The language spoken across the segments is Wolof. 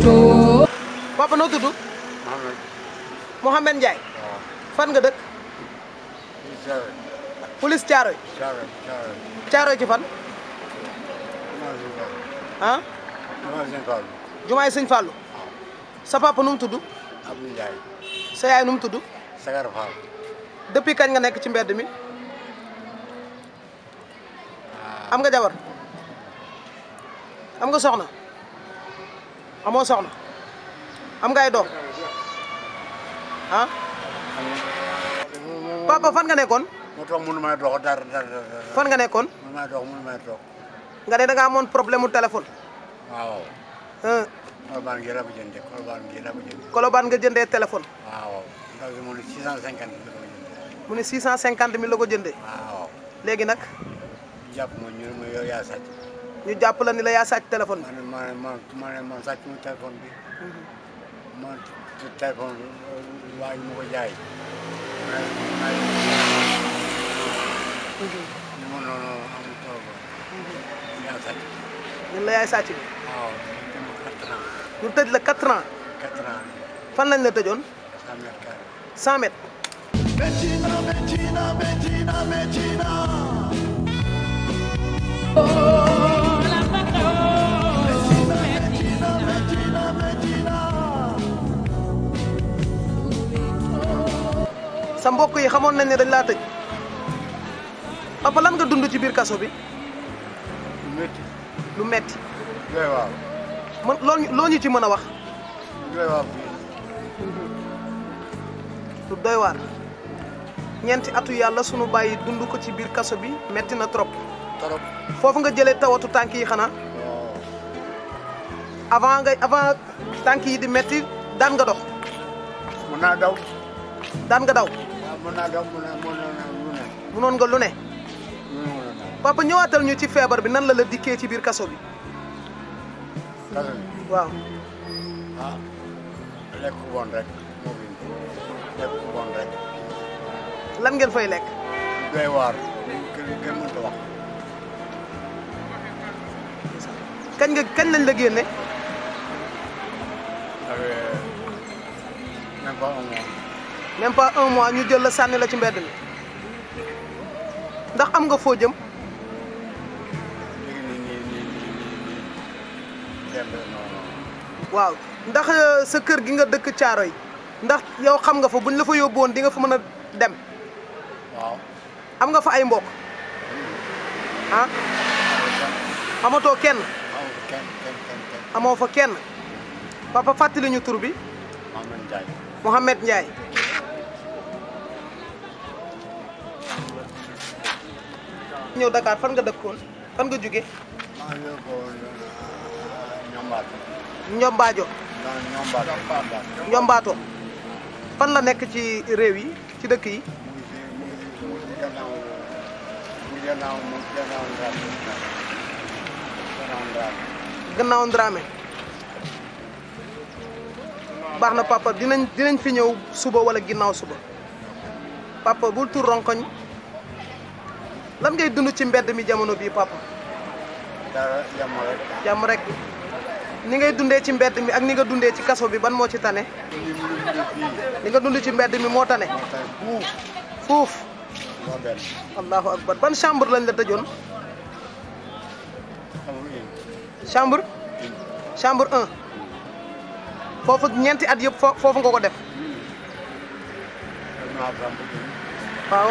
photo. papa noo tudd. Mohamed. Mohamed fan nga dëkk. police Thiaroye. Thiaroye ci fan. ah. Jumaay Sëñ Fallou. Jumaay Sëñ sa papa nu mu tudd. Abdou sa yaay nu mu tudd. Sagar kañ nga nekk ci mbedd mi. Ah. am nga jabar am nga soxna. amoo soxna am ngay doom ah. papa fan nga nekkoon. mu toog may dox dara dara dara. fan nga nekkoon. mënu may nga ne da nga amoon problème mu téléphone. waaw. ah. Colobane gi la nga jëndee téléphone. waaw ndaw bi mu ne 650 mille ko jëndee. mu ne 650 léegi nag. jàpp ma ñu ne ñu jàpp la ni la yaa sàcc téléphone bi. ma ne ma ne ma ne ma sàcc mu téléphone bi. ma téléphone bi euh, waa ji ma ko jaay. ñu ma noonu amul téléphone. yaa sàcc. ñun la yaay sàcc bi. waaw ñu tëj la quatre ans. quatre ans. fan lañ la tëjoon. cent mètres carré. cent mètres. Bettina Bettina Bettina Bettina. Oh. sa mbokk yi xamoon nañ ne dañ laa tëj papa lan nga dund ci biir kaso bi. lu metti lu metti loo ñu ci mën a wax. lu doy waar ñeenti atu yàlla sunu bàyyi dund ko ci biir kaso bi metti na trop. foofu nga jëlee tawatu tànk yi xanaa. avant tànk yi di metti daan nga dox. mën naa daw. daan nga daw. mënoon nga lu ne papa ñëwaatal ñu ci feebar bi nan la la dikkee ci biir kaso bi waaw ah lekk bon rek lekk bon rek lan ngeen fay lekk doy wax nga lañ la ba même pas un mois ñu jël la sanni la ci mbedd mi ndax am nga fo jëm waaw ndax euh, sa kër gi nga dëkk caaro yi ndax yow xam nga fa buñ la fa yóbboon di nga fa mëna dem waaw am nga fa ay mbokk han ah? amatoo kenn amoo fa kenn papa fatali ñu tur bi mohammed ndjay Mohamed Ndiaye ñëw Dakar fan nga dëkkoon fan nga jóge maa Ñombaajo. Euh, Ñombaato. fan la nekk ci réew yi ci dëkk yi. gannaaw Dramé baax na papa dinañ dinañ fi ñëw suba wala ginnaaw suba papa bul tur ronkoñ lan ngay dund ci mbedd mi jamono bi papa da jam rek jam rek ni ngay dundé ci mbedd mi ak ni nga dundé ci kasso bi ban mo ci tané ni nga dund ci mbedd mi mo tane fouf allahu akbar ban chambre lañ la tëjoon chambre chambre 1 fofu ñenti at yëpp fofu nga ko def waaw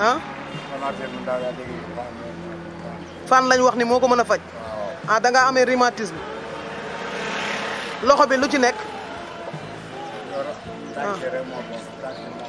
ah. fan lañ wax ni moo ko mën a faj. ah da ngaa amee rhumatisme. loxo bi lu ci nekk. Ah.